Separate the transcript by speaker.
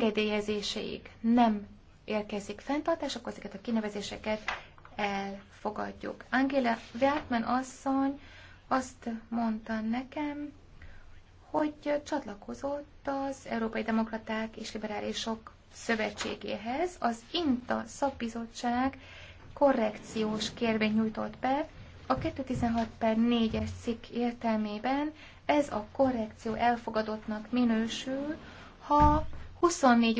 Speaker 1: engedélyezéséig nem érkezik fenntartás, akkor ezeket a kinevezéseket elfogadjuk. Angela Wertmann asszony azt mondta nekem, hogy csatlakozott az Európai Demokraták és Liberálisok Szövetségéhez. Az INTA szakbizottság korrekciós kérvény nyújtott be, a 216 per 4-es cikk értelmében ez a korrekció elfogadottnak minősül, ha
Speaker 2: 24